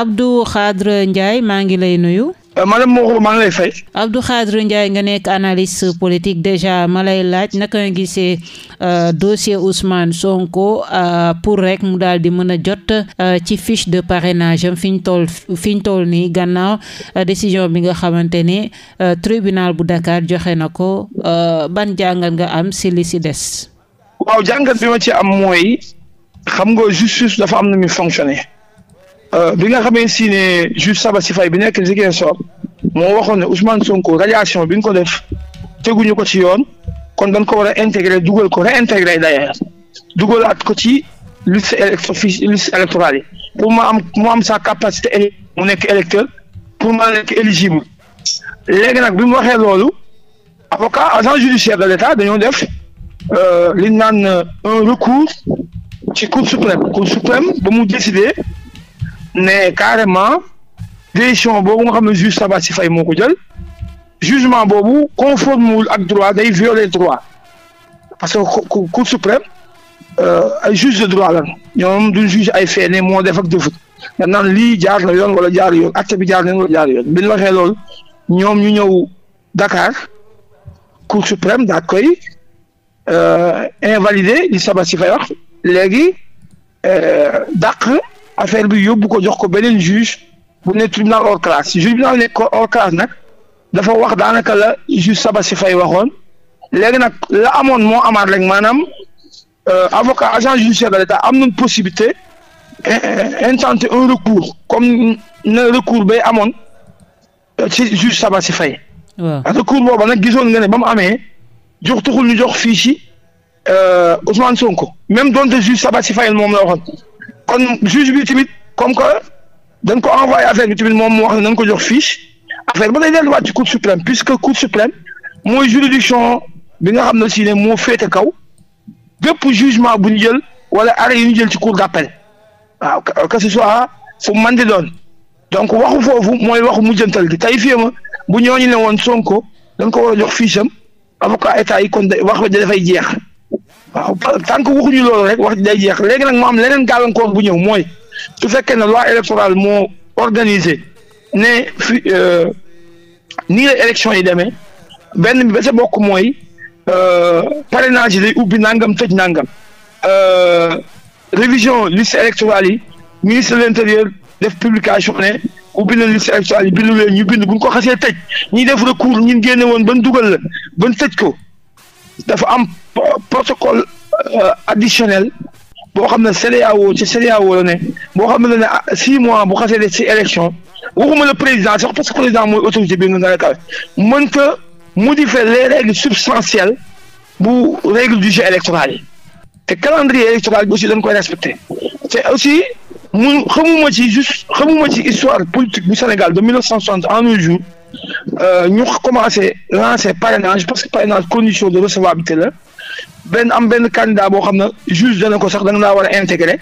Abdou Khadre Ndiaye maa ngi lay nuyu. Eh, madame Moreau maa lay fay. Abdou Khadre Ndiaye nga nekk analise politique déjà ma lay laaj naka nga gisee euh, dossier Ousmane Sonko euh, pour rek mu daal di mën a jot euh, ci fiche de parrainage am fi ñu toll ñu toll nii gannaaw décision bi nga xamante ne tribunal bu Dakar joxe na ko ban jàngat nga am si li si des. waaw jàngat bi ma ci am mooy xam nga justice dafa am na muy fonctionner. Euh, bi nga xamee si ne juge si Faye bi nekk Ziguinchor moo waxoon ne Ousmane Sonko radiation bi nga ko def ñu ko ci yoon kon dañ ko war a intégré dugal ko réintégré d'ailleurs at ko ci liste élect liste électorale pour mu am mu am sa capacité mu nekk électeur pour mu nekk éligible léegi nag bi mu waxee loolu avocat agent judiciaire de l'État dañoo def euh, li naan euh, un recours ci cour suprême cour suprême ba mu décider. ne carrément décision boobu nga xam ne juge si fay moo ko jël jugement boobu conforme wul ak droit day violer droit parce que cour suprême euh, ay de droit lan ñoom duñ juge ay feene moo def ak defut na naan lii jaar na yoon wala jaar yoon acte bi jaar na yoon wala jaar yoon bi ñu waxee ñoom ñu ñëw Dakar cour suprême daa koy euh, invalider li Sabassy Faye wax léegi euh, dàq affaire bi yóbbu ko jox ko beneen juge bu ne tribunal hors classe juge ne ko nekk hors classe nag dafa wax daanaka la juge si fay waxoon léegi nag la amoon moo amaat rek maanaam euh, avocat agent judiciaire de l'État am nañ possibilité eh, eh, eh, intenter un recours comme na recours bay amoon euh, ci juge Sabassy Faye waaw recours booba nag gisoon nga ne ba mu amee jox taxul ñu jox fii ci euh, Ousmane Sonko même donte juge si Faye moom la waxoon. kon juge bi tamit comme que dañ ko envoyé affaire bi tamit moom mu wax ne nañ ko jox fiche affaire ba day delluwaat ci cour suprême puisque cour suprême mooy juridiction bi nga xam ne si moo féete kaw bépp jugement bu ñu jël wala arrêt yu ñu jël ci cour d'appel waaw que ce soit fu man doon donc waxu foofu mooy waxu mujjantal gi tey fii ma bu ñooñu ne woon Sonko dañ ko war a jox fiche am avocat état yi kon de wax ba dafay jeex. waaw tant que waxuñu loolu rek wax ji day jeex léegi nag mu am leneen gàllankoor bu ñëw mooy su fekkee ne loi électorale moo organisé ne fi euh, nii la élection yi demee benn bi ba sa bokk mooy euh, parrainage yi day ubbi nangam tëj nangam euh, révision liste électorale yi ministre de l'intérieur def publication ne ubbi na liste électorale yi bindu ñu bind bu ko xasee tëj ñi def recours ñun génne woon ban dugal la ban tëj ko. dafa am protocole euh, additionnel boo xam ne CEDEAO ci CEDEAO la ne boo xam ne ne ah, six mois boo xasee de ci élection waxuma le président sax parce que président mooy autorité bi nga nga kawe mënta modifier les règles substantielles bu règle du jeu électoral yi te calendrier électoral bi aussi dañ koy respecté te aussi mu ci juste xamuma ci histoire politique bu Sénégal de 1960 en un jour Euh, ñu commencé lancer parrainage parce que parrainage condition de recevabilité la benn am benn candidat boo xam ne juge dana ko sax da naa war a intégré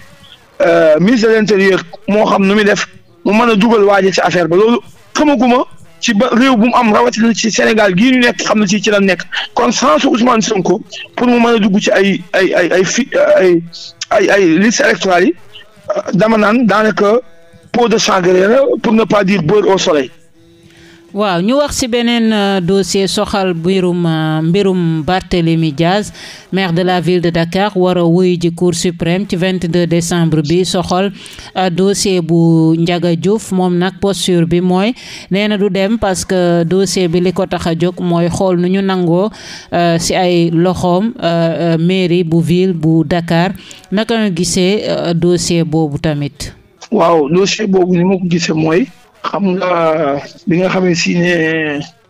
euh, ministre de l' moo xam nu muy def mu mën a dugal waaje ci affaire ba loolu xamaguma ci ba réew bu mu am rawatini ci Sénégal gii ñu nekk xam na ci ci la nekk kon sans Ousmane Sonko pour mu mën a dugg ci ay ay ay ay fi ay ay ay liste électorale yi euh, dama naan daanaka pot de chagrin la pour ne pas dire beurre au soleil. waaw ñu wax ci beneen euh, dossier soxal mbirum euh, mbirum Barthélémy Diaz maire de la ville de Dakar war a ji cour suprême ci 22 décembre bi soxal euh, dossier bu njaga Diouf moom nag posture bi mooy neena du dem parce que dossier bi li ko tax a jóg mooy xool nu ñu nangoo ci ay loxoom mairie bu ville bu Dakar naka nga gisee dossier boobu tamit. waaw dossier boobu ni ma ko gisee mooy. xam nga bi nga xamee si ne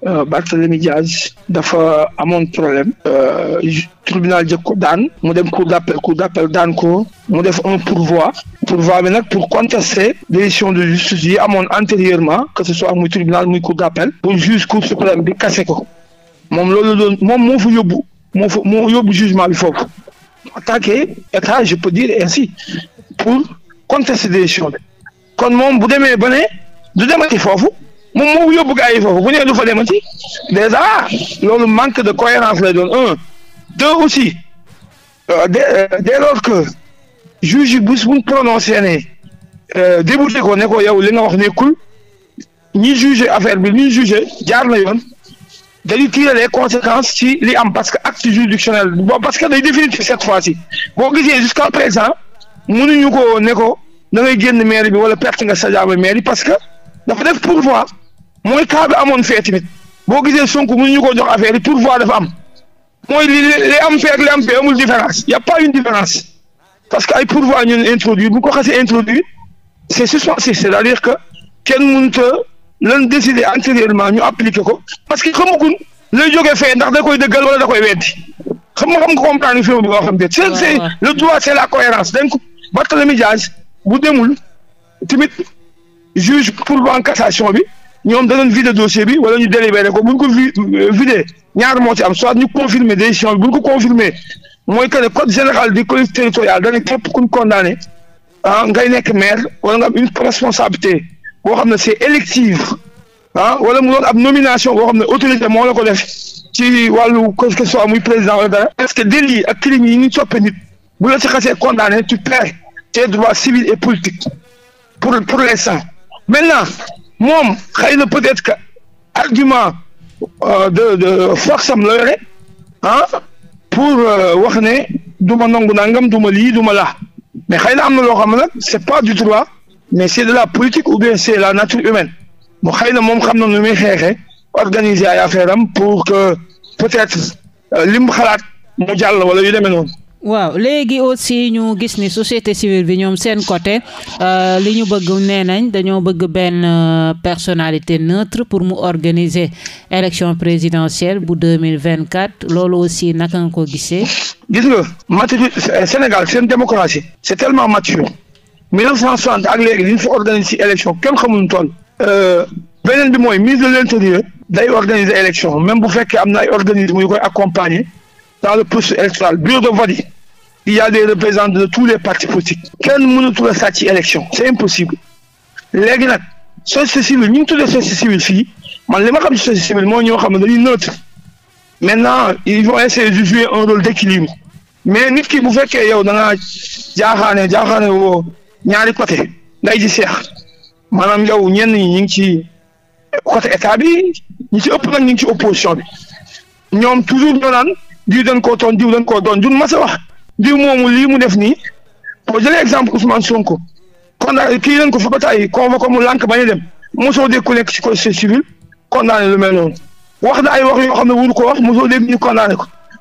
euh, Barthélemy Diaz dafa amoon problème euh, tribunal jëkk ko daan mu dem cour d'appel cour d'appel daan ko mu def un pourvoi pourvoi bi nag pour contester décision de justice yi amoon antérieurement que ce soit muy tribunal muy cour d'appel pour juge cour suprême bi kase ko moom loolu doon moom moo fa yóbbu moo fa moo yóbbu jugement bi foofu attaqué état je peux dire ainsi pour contester décision bi kon moom bu du demati foofu moom moo yóbbu gaa foofu bu nee du fa demati déjà loolu manque de cohérence lay doon un deux aussi euh, dès euh, dès lors que juge yi bis buñ prononcé ne euh, débouté ko ne ko yow li nga wax nekkul ñi jugé affaire bi ñuy jugé jaar na yoon dañu tirer les conséquences ci li am parce que acte juridictionnel bon parce que day définitif cette fois-ci boo gisee jusqu'à présent mënuñu ko ne ko da ngay génn mairie bi wala perte nga sa jaama parce que dafa def pourvoi mooy cas bi amoon fee tamit boo gisee Sonko mënuñu ko jox affaire yi pourvoi dafa am mooy li li am fee ak li am fee amul différence y' a pas une différence parce que ay pourvoi ñun introduire bu ko xasee introduire c' est suspensif c' est à dire que kenn mënut a lan décider antérieurement ñu appliquer ko parce que xamagul lay jógee fee ndax da koy dëggal wala da koy weddi xam nga xam nga comprendre fi bi nga xam ne. waaw waaw le droit bu demul tamit. juge pour bu en cassation bi ñoom danañ vider dossier bi wala ñu délibéré ko bu ñu ko euh, vider ñaar moo ci am soit ñu confirmer décision bi bu ñu ko confirmer mooy que ne code général des collectivités territoriales dañu képp ku ñu condamné ah ngay nekk maire wala nga am une responsabilité boo xam ne c'est élective ah wala mu doon ab nomination boo xam ne autorité moo la ko def ci wàllu que soit muy président wala dara est-ce que délit ak crime yi ñu toppee nit bu la ci xasee condamné tu perds tes droits pour pour l'instant maintenant moom xëy na peut-être que argument euh, de de force am la yore ah pour euh, wax ne du ma nangu nangam du ma lii du ma laa mais xëy na am na loo xam ne nag c'est pas du droit mais c'est de la politique ou bien c'est la nature humaine mu xëy na moom xam na nu muy xeexee organiser ay affaire am pour que peut-être euh, lim xalaat mu jàll wala yu demee noonu. waaw léegi aussi ñu gis ni société civile bi ñoom seen côté euh, li ñu bëgg nee nañ dañoo bëgg benn euh, personnalité neutre pour mu organiser élection présidentielle bu deux mille vingt quatre loolu aussi naka nga ko gisee. gis nga mature Sénégal seen démocratie c'est tellement mature mille neuf cent soixante ak léegi li ñu fa organiser élection kenn xamuñu toll. Euh, beneen bi mooy ministre de l'intérieur day organiser élection même bu fekkee am na ay organisme yu koy accompagner dans le processus électoral bureau de il y a des représentants de tous les partis politiques kenn mënatul a sàcc ci élection c'est impossible léegi nag société civile ñu ngi tuddee société civile fii man li ma xam ci société civile moo ñoo xam ne dañuy neutre maintenant ils vont essayer de jouer un rôle d'équilibre mais nit ki bu fekkee yow da ngaa jaaxaane jaaxaane woo ñaari côté nday di seex maanaam yow ñenn ñi ñu ngi ci côté état bi ñi ci ëpp nag ñu ngi ci opposition bi ñoom toujours ñoo naan diw dañ koo toon diw dañ koo doon jun ma sa wax diw moomu lii mu def nii boo jëlee exemple Ousmane Sonko kon kii nañ ko fa ba tàyyi convoqué mu lànk bañ a dem mosoo de ku nekk ci code civil condamné lu mel noonu wax na ay wax yoo xam ne wuru ko wax mosoo dégg ñu ko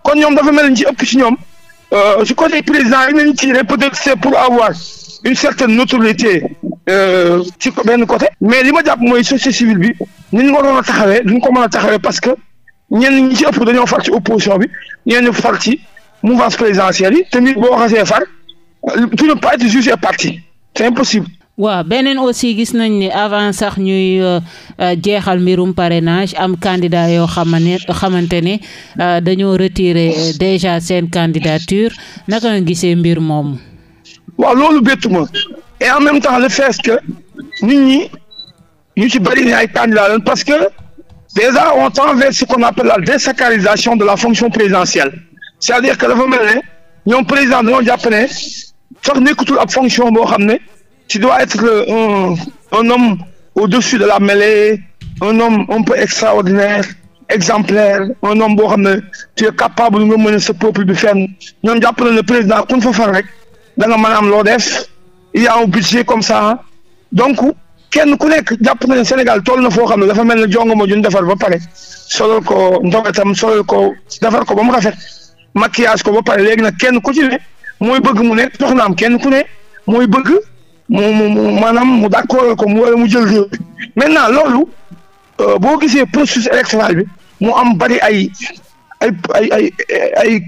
kon ñoom dafa mel ni ci ëpp ci ñoom euh, ci côté président yi nañu tiré peut-être c'est pour avoir une certaine notoriété euh, ci benn côté mais li ma jàpp mooy société civile bi ni ñu waroon a taxawee duñ ko mën a parce que ñenn ñi ci ëpp dañoo far ci opposition bi ñenn far ci mouvance présidentielle yi te nit boo xasee far tu ne peux pas être jugé c'est impossible. waaw beneen aussi gis nañ ne avant sax ñuy euh, euh, jeexal mbirum parrainage am candidat yoo xamane xamante ne euh, dañoo retirer déjà seen candidature naka nga gisee mbir moomu. waa loolu bettu ma et en même temps le fait que nit ñu ci bari ne ay candidat lañ parce que déjà on tend vers ce qu'on appelle la désacralisation de la fonction présidentielle. c'est-à-dire que dafa mel ne ñoom président dañoo jàpp ne sax nekkatul ab fonction boo xam ne tu dois être un un homme au-dessus de la mêlée un homme un peu extraordinaire exemplaire un homme boo xam ne tu es capable nga mën a sa peuple bi fenn ñoom jàpp na président kun fa rek da nga mën a am loo def il y a un comme ça donc kenn ku nekk jàpp na ne Sénégal toll na foo xam ne dafa mel ne jongo ma juñ defar ba pare solal ko ndogetam solal ko defar ko ba mu rafet maquillage ko ba pare léegi nag kenn ku ci ne mooy bëgg mu ne soxnaam kenn ku ne mooy bëgg mu mu maanaam mu d'accord ko mu wala mu jël réew maintenant loolu euh, boo gisee processus électoral bi mu am bari ay ay ay ay ay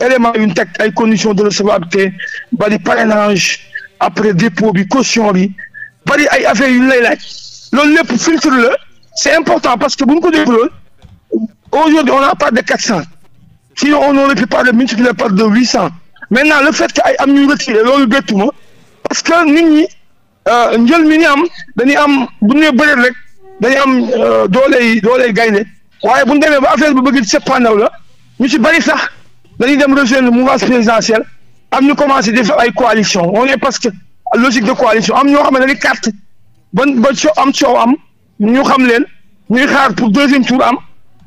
éléments yu ñu teg ay conditions de recevabilité bari parrainage après dépôt bi caution bi bari ay affaires yu lay laaj loolu lépp filtre la c'est important parce que bu ñu ko déglu aujourd'hui on a pas de 400 sinon on aurait pu parler multiplier par de huit cent maintenant le fait que ay am ñuy retiré loolu bettuma parce que nit ñi euh, njël mi ni am dañuy am bu ñu nee bëreet rek dañuy am dooley euh, dooley gaynde waaye bu ñu demee ba affaire bi bëgg seppandaw la ñu ci bari sax dañuy dem rejoindre le mouvance présidentielle am nu commencé di def ay coalition on est parce que logique de coalition am ñoo xam ne dañuy carte ba ba am coow am ñu xam leen ñuy xaar pour deuxième tour am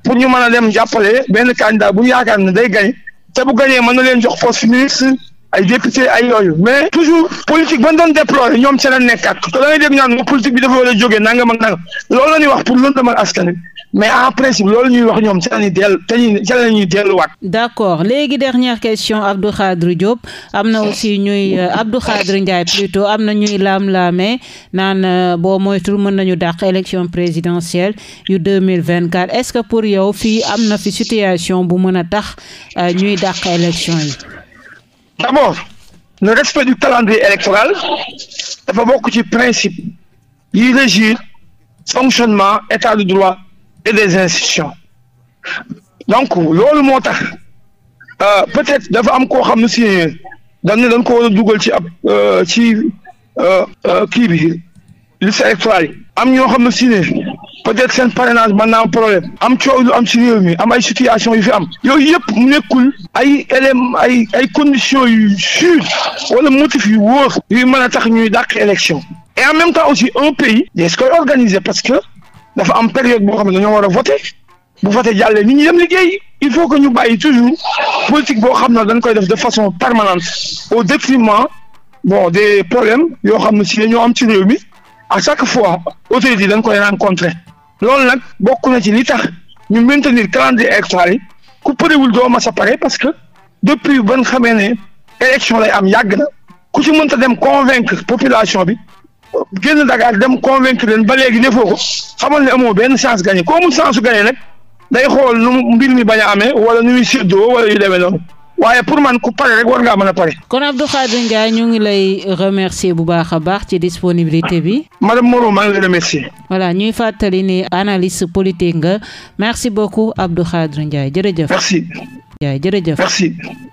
pour ñu mën a dem jàppale benn candidat bu ñu yaakaar ne day gañ te bu gañee mën na leen jox poste ministre ay député ay yooyu mais toujours politique ban doon déplorer ñoom ca la nekkaat te da ngay dégg ñaan politique bi dafa war a jógee nangam ak nangam loolu la ñuy wax pour lëndëmal askan wi mais en principe loolu ñuy wax ñoom ci la ñuy dellu ci la ñuy delluwaat. d' accord léegi dernière question Abdou Khadre Diop am na aussi ñuy euh, Abdou Khadre Ndiaye plutôt am na ñuy laam-laamee naan euh, boo moytul mën nañu dàq élection présidentielle yu deux mille vingt quatre est ce que pour yow fii am na fi situation bu mën a tax euh, ñuy dàq élection yi. d' le respect du calendrier électoral dafa bokk ci principe yi régir fonctionnement état de droit. des institutions donc loolu moo tax euh, peut-être dafa am koo xam ne si dañ ne dañ ko war a dugal ci ab euh, ci euh, kii bi liste électorale yi am ñoo xam ne si peut-être seen parrainage mën naa am problème am coow lu am ci réew mi am ay situation yu fi am yooyu yëpp mu nekkul ay éléments ay ay conditions yu sûres wala motifs yu wóor yuy mën a tax ñuy dàq élection et en même temps aussi un pays des koy parce que dafa am période boo xam ne dañoo war a voté bu voté jàllee ni ñi dem liggéey il faut que ñu bàyyi toujours politique boo xam ne dañ koy def de façon permanente au détriment bon des problèmes yoo xam na si ne ñoo am ci réew mi à chaque fois autorités yi dañ koy rencontrer loolu nag bokk na ci li tax ñu maintenir calendrier électoral yi ku përewul doo ma sa pare parce que depuis ban xamee ne élection lay am yàgg na ku ci mënta dem convaincre population bi génn Dakar dem convaincre leen ba léegi defoo ko xamal ne amoo benn chance gane koo mu chance gagné nag day xool nu mbir mi bañ a amee wala nu muy séddoo wala yu demee noonu waaye pour man ku pare rek war ngaa mën a pare. kon Abdou Khadre Ndiaye ñu ngi lay remercier bu baax a baax ci disponibilité bi. madame Moreau maa ngi la remercier. voilà ñuy fàttali ni analyste politique nga merci beaucoup Abdou Khadre Ndiaye jërëjëf. merci. Ndiaye